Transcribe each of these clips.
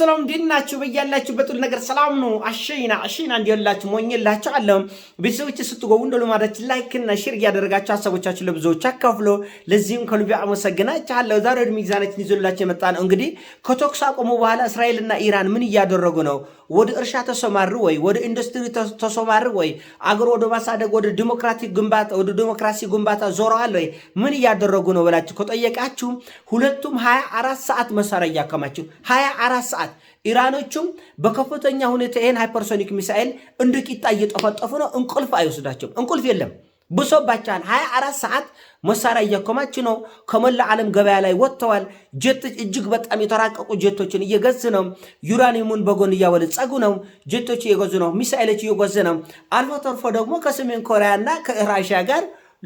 ሰላም እንዴት ናችሁ? በያላችሁበት ሁሉ ነገር ሰላም ነው። አሸይና አሸይና እንዲላችሁ ሞኝላችሁ አለም ቤተሰቦች ስትጎቡ እንደሉ ማለት ላይክ እና ሼር እያደረጋችሁ ሀሳቦቻችሁ ለብዙዎች አካፍሎ ለዚህም ከልቤ አመሰግናችኋለሁ። ዛሬ ወደ ሚዛናችን ይዞላችሁ የመጣ ነው። እንግዲህ ከተኩስ አቆሙ በኋላ እስራኤልና ኢራን ምን እያደረጉ ነው? ወደ እርሻ ተሰማሩ ወይ? ወደ ኢንዱስትሪ ተሰማሩ ወይ? አገር ወደ ማሳደግ ወደ ዲሞክራቲክ ግንባታ ወደ ዲሞክራሲ ግንባታ ዞረዋል ወይ? ምን እያደረጉ ነው ብላችሁ ከጠየቃችሁ ሁለቱም 24 ሰዓት መሳሪያ እያከማችሁ 24 ሰዓት ሰዓት ኢራኖቹም በከፍተኛ ሁኔታ ይህን ሃይፐርሶኒክ ሚሳኤል እንደ ቂጣ እየጠፈጠፉ ነው። እንቁልፍ አይወስዳቸውም። እንቁልፍ የለም። ብሶባቸዋል። 24 ሰዓት መሳሪያ እያከማች ነው። ከመላ ዓለም ገበያ ላይ ወጥተዋል። ጀቶች እጅግ በጣም የተራቀቁ ጀቶችን እየገዝ ነው። ዩራኒየሙን በጎን እያወለጸጉ ነው። ጀቶች እየገዙ ነው። ሚሳኤሎች እየጎዝ ነው። አልፎ ተርፎ ደግሞ ከሰሜን ኮሪያና ከራሽያ ጋር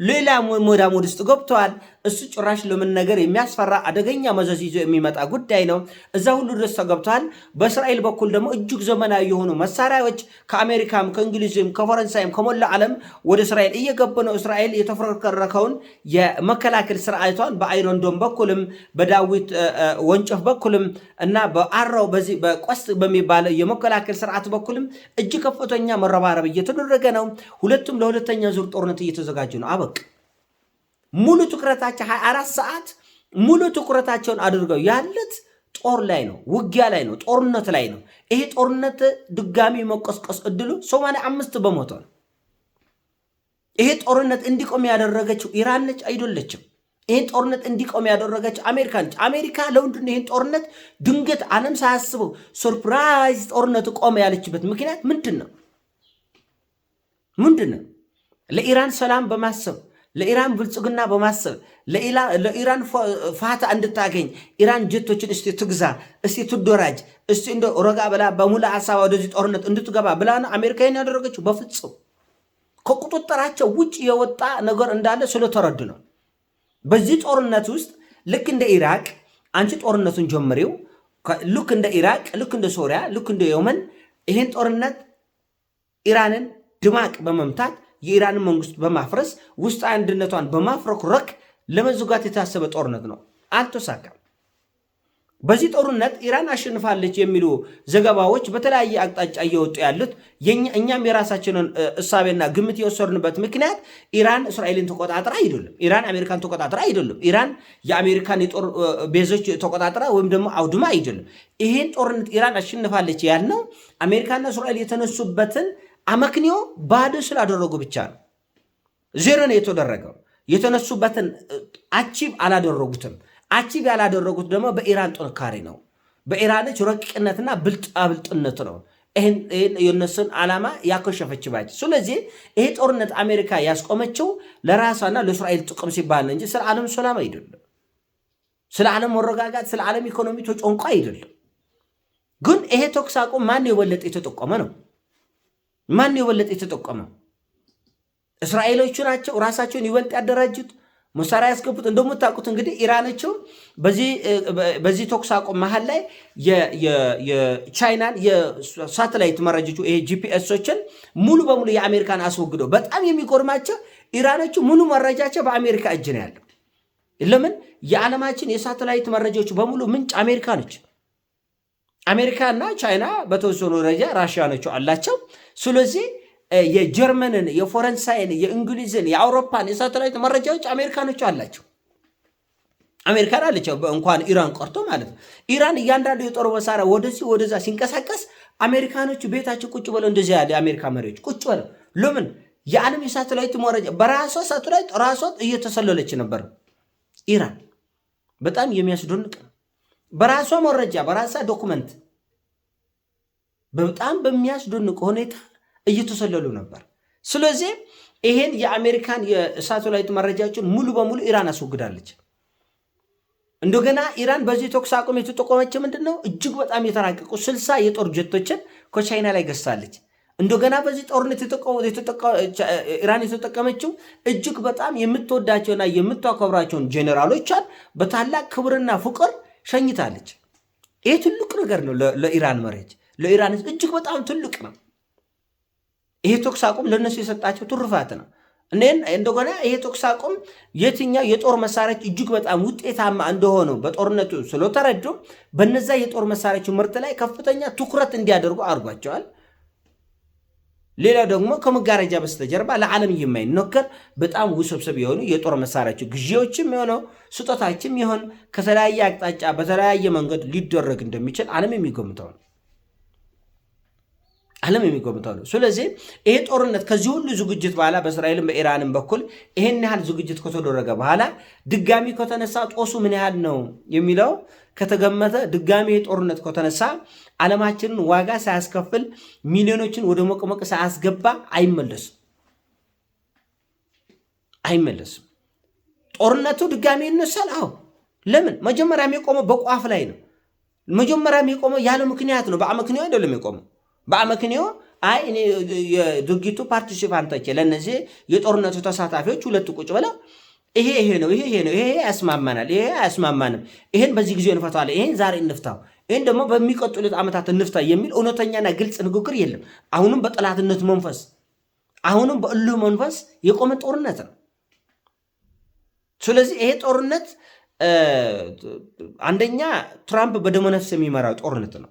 ሌላ ሞዳሞድ ውስጥ ገብተዋል። እሱ ጭራሽ ነገር የሚያስፈራ አደገኛ መዘዝ ይዞ የሚመጣ ጉዳይ ነው። እዛ ሁሉ ድረስ ተገብቷል። በእስራኤል በኩል ደግሞ እጅግ ዘመናዊ የሆኑ መሳሪያዎች ከአሜሪካም፣ ከእንግሊዝም፣ ከፈረንሳይም ከሞላ ዓለም ወደ እስራኤል እየገቡ ነው። እስራኤል የተፈረከረከውን የመከላከል ስርዓቷን በአይሮንዶም በኩልም በዳዊት ወንጭፍ በኩልም እና በአረው በዚህ በቆስ በሚባለ የመከላከል ስርዓት በኩልም እጅግ ከፍተኛ መረባረብ እየተደረገ ነው። ሁለቱም ለሁለተኛ ዙር ጦርነት እየተዘጋጁ ነው። አበቅ ሙሉ ትኩረታቸው 24 ሰዓት ሙሉ ትኩረታቸውን አድርገው ያለት ጦር ላይ ነው፣ ውጊያ ላይ ነው፣ ጦርነት ላይ ነው። ይሄ ጦርነት ድጋሚ መቆስቆስ እድሉ ሰማንያ አምስት በመቶ ነው። ይሄ ጦርነት እንዲቆም ያደረገችው ኢራን ነች አይደለችም። ይህን ጦርነት እንዲቆም ያደረገችው አሜሪካ ነች። አሜሪካ ለምንድነው ይህን ጦርነት ድንገት ዓለም ሳያስበው ሱርፕራይዝ ጦርነት ቆመ ያለችበት ምክንያት ምንድን ነው? ምንድን ነው? ለኢራን ሰላም በማሰብ ለኢራን ብልጽግና በማሰብ ለኢራን ፋታ እንድታገኝ ኢራን ጀቶችን እስቲ ትግዛ፣ እስቲ ትደራጅ፣ እስቲ እንደ ረጋ ብላ በሙላ ሀሳብ ወደዚህ ጦርነት እንድትገባ ብላ ነው አሜሪካን ያደረገችው። በፍጹም ከቁጥጥራቸው ውጭ የወጣ ነገር እንዳለ ስለተረዱ ነው። በዚህ ጦርነት ውስጥ ልክ እንደ ኢራቅ አንቺ ጦርነቱን ጀምሪው፣ ልክ እንደ ኢራቅ፣ ልክ እንደ ሶሪያ፣ ልክ እንደ የመን ይህን ጦርነት ኢራንን ድማቅ በመምታት የኢራን መንግስት በማፍረስ ውስጥ አንድነቷን በማፍረክረክ ለመዘጋት የታሰበ ጦርነት ነው። አልተሳካም። በዚህ ጦርነት ኢራን አሸንፋለች የሚሉ ዘገባዎች በተለያየ አቅጣጫ እየወጡ ያሉት እኛም የራሳችንን እሳቤና ግምት የወሰድንበት ምክንያት ኢራን እስራኤልን ተቆጣጥራ አይደለም። ኢራን አሜሪካን ተቆጣጥራ አይደለም። ኢራን የአሜሪካን የጦር ቤዞች ተቆጣጥራ ወይም ደግሞ አውድማ አይደለም። ይሄን ጦርነት ኢራን አሸንፋለች ያልነው አሜሪካና እስራኤል የተነሱበትን አመክንዮ ባዶ ስላደረጉ ብቻ ነው። ዜሮ ነው የተደረገው። የተነሱበትን አቺቭ አላደረጉትም። አቺቭ ያላደረጉት ደግሞ በኢራን ጥንካሬ ነው። በኢራኖች ረቂቅነትና ብልጣብልጥነት ነው የነሱን ዓላማ ያኮሸፈችባቸው። ስለዚህ ይሄ ጦርነት አሜሪካ ያስቆመችው ለራሷና ለእስራኤል ጥቅም ሲባል ነው እንጂ ስለ ዓለም ሰላም አይደለም። ስለ ዓለም መረጋጋት፣ ስለ ዓለም ኢኮኖሚ ተጨንቆ አይደለም። ግን ይሄ ተኩስ አቁም ማን የበለጠ የተጠቆመ ነው? ማን የበለጠ የተጠቀመው? እስራኤሎቹ ናቸው። ራሳቸውን ይበልጥ ያደራጁት መሳሪያ ያስገቡት። እንደምታውቁት እንግዲህ ኢራኖቹ በዚህ ተኩስ አቁም መሀል ላይ የቻይናን የሳተላይት መረጃቹ ይሄ ጂፒኤሶችን ሙሉ በሙሉ የአሜሪካን አስወግደው፣ በጣም የሚጎርማቸው ኢራኖቹ ሙሉ መረጃቸው በአሜሪካ እጅ ነው ያለው። ለምን የዓለማችን የሳተላይት መረጃዎች በሙሉ ምንጭ አሜሪካ ነች። አሜሪካና ቻይና በተወሰኑ ደረጃ ራሽያ ነችው አላቸው። ስለዚህ የጀርመንን፣ የፈረንሳይን፣ የእንግሊዝን፣ የአውሮፓን የሳተላይት መረጃዎች አሜሪካኖቹ አላቸው። አሜሪካን አለቸው እንኳን ኢራን ቀርቶ ማለት ነው። ኢራን እያንዳንዱ የጦር መሳሪያ ወደዚህ ወደዛ ሲንቀሳቀስ አሜሪካኖቹ ቤታቸው ቁጭ ብለው እንደዚህ ያለ የአሜሪካ መሪዎች ቁጭ ብለው ለምን የዓለም የሳተላይት መረጃ በራሷ ሳተላይት ራሷ እየተሰለለች ነበር ኢራን። በጣም የሚያስደንቅ ነው። በራሷ መረጃ በራሷ ዶኩመንት በጣም በሚያስደንቅ ሁኔታ እየተሰለሉ ነበር። ስለዚህ ይሄን የአሜሪካን የሳተላይት መረጃዎችን ሙሉ በሙሉ ኢራን አስወግዳለች። እንደገና ኢራን በዚህ ተኩስ አቁም የተጠቆመች ምንድን ነው? እጅግ በጣም የተራቀቁ ስልሳ የጦር ጀቶችን ከቻይና ላይ ገዝታለች። እንደገና በዚህ ጦርነት ኢራን የተጠቀመችው እጅግ በጣም የምትወዳቸውና የምታከብራቸውን ጄኔራሎቿን በታላቅ ክብርና ፍቅር ሸኝታለች። ይሄ ትልቅ ነገር ነው ለኢራን መሬት፣ ለኢራን እጅግ በጣም ትልቅ ነው። ይሄ ተኩስ አቁም ለእነሱ የሰጣቸው ትሩፋት ነው። እንደገና ይሄ ተኩስ አቁም የትኛው የጦር መሳሪያዎች እጅግ በጣም ውጤታማ እንደሆኑ በጦርነቱ ስለተረዱ በነዛ የጦር መሳሪያዎች ምርት ላይ ከፍተኛ ትኩረት እንዲያደርጉ አድርጓቸዋል። ሌላ ደግሞ ከመጋረጃ በስተጀርባ ለዓለም የማይነገር በጣም ውስብስብ የሆኑ የጦር መሳሪያቸው ግዢዎችም የሆነው ስጦታችም ይሆን ከተለያየ አቅጣጫ በተለያየ መንገድ ሊደረግ እንደሚችል ዓለም የሚገምተው ነው። ዓለም የሚገምተው ነው። ስለዚህ ይሄ ጦርነት ከዚህ ሁሉ ዝግጅት በኋላ በእስራኤልም በኢራንም በኩል ይሄን ያህል ዝግጅት ከተደረገ በኋላ ድጋሚ ከተነሳ ጦሱ ምን ያህል ነው የሚለው ከተገመተ ድጋሚ ይሄ ጦርነት ከተነሳ ዓለማችንን ዋጋ ሳያስከፍል ሚሊዮኖችን ወደ መቅመቅ ሳያስገባ አይመለስም አይመለስም። ጦርነቱ ድጋሚ ይነሳል። አዎ ለምን? መጀመሪያም የቆመው በቋፍ ላይ ነው። መጀመሪያም የቆመው ያለ ምክንያት ነው። በአመክንዮ አይደለም የቆመው በአመክንዮ አይ እኔ የድርጊቱ ፓርቲሲፓንቶች ለእነዚህ የጦርነቱ ተሳታፊዎች ሁለቱ ቁጭ ብለው ይሄ ይሄ ነው ይሄ ይሄ ነው ይሄ ያስማማናል፣ ይሄ አያስማማንም፣ ይሄን በዚህ ጊዜ እንፈታዋለን፣ ይሄን ዛሬ እንፍታው፣ ይሄን ደግሞ በሚቀጥሉት ዓመታት እንፍታ የሚል እውነተኛና ግልጽ ንግግር የለም። አሁንም በጠላትነት መንፈስ፣ አሁንም በእልህ መንፈስ የቆመ ጦርነት ነው። ስለዚህ ይሄ ጦርነት አንደኛ ትራምፕ ነፍስ የሚመራው ጦርነት ነው።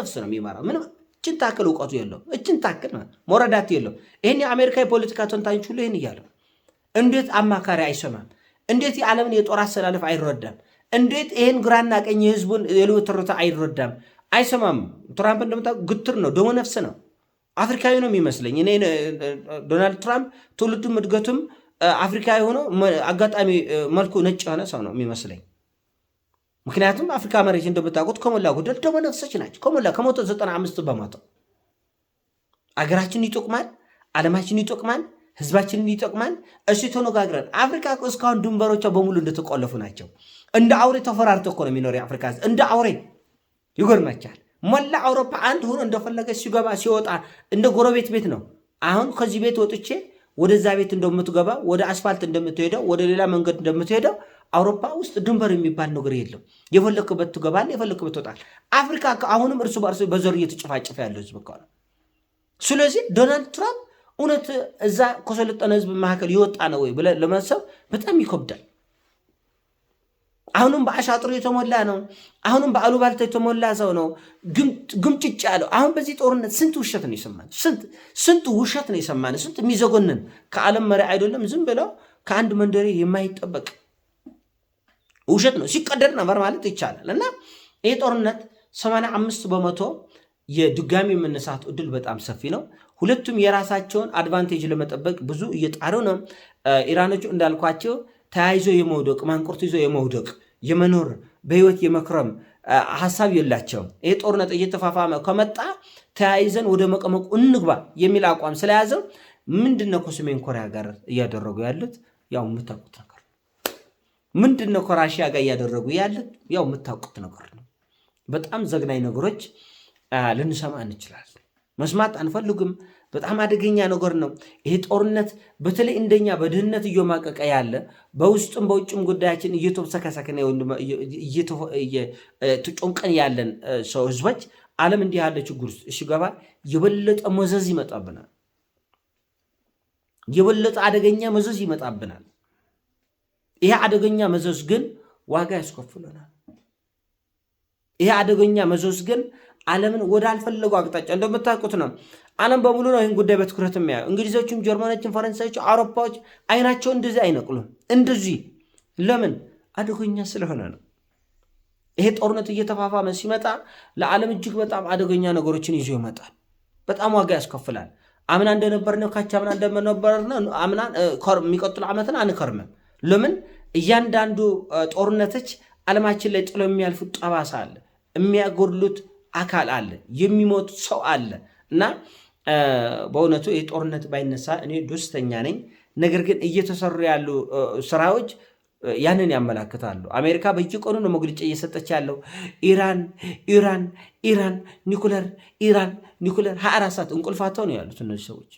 ነፍስ ነው የሚመራው ምንም እችን ታክል እውቀቱ የለው እችን ታክል መረዳት የለው። ይህን የአሜሪካ የፖለቲካ ተንታኞች ሁሉ ይህን እያለ እንዴት አማካሪ አይሰማም? እንዴት የዓለምን የጦር አሰላለፍ አይረዳም? እንዴት ይህን ግራና ቀኝ የህዝቡን የልውትርታ አይረዳም? አይሰማም። ትራምፕ እንደምታ ግትር ነው፣ ደሞ ነፍስ ነው፣ አፍሪካዊ ነው የሚመስለኝ እኔ ዶናልድ ትራምፕ ትውልዱም እድገቱም አፍሪካዊ ሆኖ አጋጣሚ መልኩ ነጭ የሆነ ሰው ነው የሚመስለኝ። ምክንያቱም አፍሪካ መሬት እንደምታውቁት ከሞላ ጎደል ደመ ነፍሶች ናቸው። ከሞላ ከመቶ ዘጠና አምስት በመቶ አገራችን ይጠቅማል፣ ዓለማችን ይጠቅማል፣ ህዝባችንን ይጠቅማል። እሱ ተነጋግረን አፍሪካ እስካሁን ድንበሮቿ በሙሉ እንደተቆለፉ ናቸው። እንደ አውሬ ተፈራርቶ እኮ ነው የሚኖር የአፍሪካ እንደ አውሬ ይጎርማቻል። ሞላ አውሮፓ አንድ ሆኖ እንደፈለገ ሲገባ ሲወጣ እንደ ጎረቤት ቤት ነው። አሁን ከዚህ ቤት ወጥቼ ወደዛ ቤት እንደምትገባ ወደ አስፋልት እንደምትሄደው ወደ ሌላ መንገድ እንደምትሄደው አውሮፓ ውስጥ ድንበር የሚባል ነገር የለም። የፈለክበት ትገባል፣ የፈለክበት ትወጣል። አፍሪካ አሁንም እርሱ በእርሱ በዘር እየተጨፋጨፈ ያለው ህዝብ ከሆነ ስለዚህ ዶናልድ ትራምፕ እውነት እዛ ከሰለጠነ ህዝብ መካከል የወጣ ነው ወይ ብለህ ለማሰብ በጣም ይከብዳል። አሁንም በአሻጥሩ የተሞላ ነው። አሁንም በአሉባልታ የተሞላ ሰው ነው። ግምጭጭ ያለው አሁን በዚህ ጦርነት ስንት ውሸት ነው የሰማን፣ ስንት ውሸት ነው የሰማን፣ ስንት የሚዘጎንን ከዓለም መሪ አይደለም ዝም ብለው ከአንድ መንደሬ የማይጠበቅ ውሸት ነው። ሲቀደድ ነበር ማለት ይቻላል። እና ይህ ጦርነት 85 በመቶ የድጋሚ መነሳት እድል በጣም ሰፊ ነው። ሁለቱም የራሳቸውን አድቫንቴጅ ለመጠበቅ ብዙ እየጣሩ ነው። ኢራኖቹ እንዳልኳቸው ተያይዞ የመውደቅ ማንቁርት ይዞ የመውደቅ የመኖር በህይወት የመክረም ሀሳብ የላቸው። ይህ ጦርነት እየተፋፋመ ከመጣ ተያይዘን ወደ መቀመቁ እንግባ የሚል አቋም ስለያዘው ምንድነው ከሰሜን ኮሪያ ጋር እያደረጉ ያሉት ያው የምታውቁት ነው። ምንድን ነው ከራሽያ ጋር እያደረጉ ያለ? ያው የምታውቁት ነገር ነው። በጣም ዘግናኝ ነገሮች ልንሰማ እንችላለን። መስማት አንፈልግም። በጣም አደገኛ ነገር ነው ይሄ ጦርነት። በተለይ እንደኛ በድህነት እየማቀቀ ያለ በውስጥም በውጭም ጉዳያችን እየተብሰከሰከን እየተጮንቀን ያለን ሰው ህዝቦች ዓለም እንዲህ ያለ ችግር ውስጥ ሲገባ የበለጠ መዘዝ ይመጣብናል። የበለጠ አደገኛ መዘዝ ይመጣብናል። ይሄ አደገኛ መዘዝ ግን ዋጋ ያስከፍለናል። ይሄ አደገኛ መዘዝ ግን ዓለምን ወደ አልፈለጉ አቅጣጫ እንደምታውቁት ነው። ዓለም በሙሉ ነው ይህን ጉዳይ በትኩረት የሚያዩ እንግሊዞችም፣ ጀርመኖችም፣ ፈረንሳዮች፣ አውሮፓዎች አይናቸው እንደዚህ አይነቅሉም። እንደዚህ ለምን አደገኛ ስለሆነ ነው። ይሄ ጦርነት እየተፋፋመ ሲመጣ ለዓለም እጅግ በጣም አደገኛ ነገሮችን ይዞ ይመጣል። በጣም ዋጋ ያስከፍላል። አምና እንደነበርነው ካቻ አምና እንደነበርነው አምና የሚቀጥሉ ዓመትን አንከርምም። ለምን እያንዳንዱ ጦርነቶች ዓለማችን ላይ ጥሎ የሚያልፉት ጠባሳ አለ፣ የሚያጎድሉት አካል አለ፣ የሚሞት ሰው አለ እና በእውነቱ ይህ ጦርነት ባይነሳ እኔ ደስተኛ ነኝ። ነገር ግን እየተሰሩ ያሉ ስራዎች ያንን ያመላክታሉ። አሜሪካ በየቀኑ ነው መግለጫ እየሰጠች ያለው ኢራን ኢራን ኢራን ኒኩለር ኢራን ኒኩለር ሀያ አራት ሰዓት እንቅልፋቸው ነው ያሉት እነዚህ ሰዎች።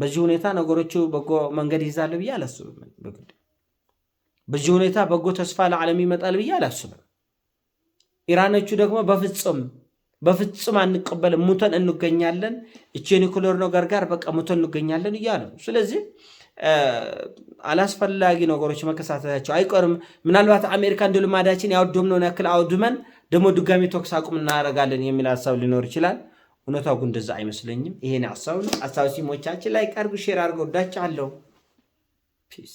በዚህ ሁኔታ ነገሮቹ በጎ መንገድ ይዛል ብዬ አላስብም። በግድ በዚህ ሁኔታ በጎ ተስፋ ለዓለም ይመጣል ብዬ አላስብም። ኢራኖቹ ደግሞ በፍጹም በፍጹም አንቀበልም፣ ሙተን እንገኛለን፣ እቺ ነገር ጋር በቃ ሙተን እንገኛለን እያሉ ስለዚህ አላስፈላጊ ነገሮች መከሳተታቸው አይቀርም። ምናልባት አሜሪካ እንደ ልማዳችን ያወደምነውን ያክል አውድመን ደግሞ ድጋሚ ተኩስ አቁም እናደርጋለን የሚል ሀሳብ ሊኖር ይችላል። እውነታው ግን እንደዛ አይመስለኝም። ይሄን ሀሳብ ነው። ሀሳብ ሲሞቻችን ላይ ቀርጉ ሼር አድርገው። ወዳችኋለሁ። ፒስ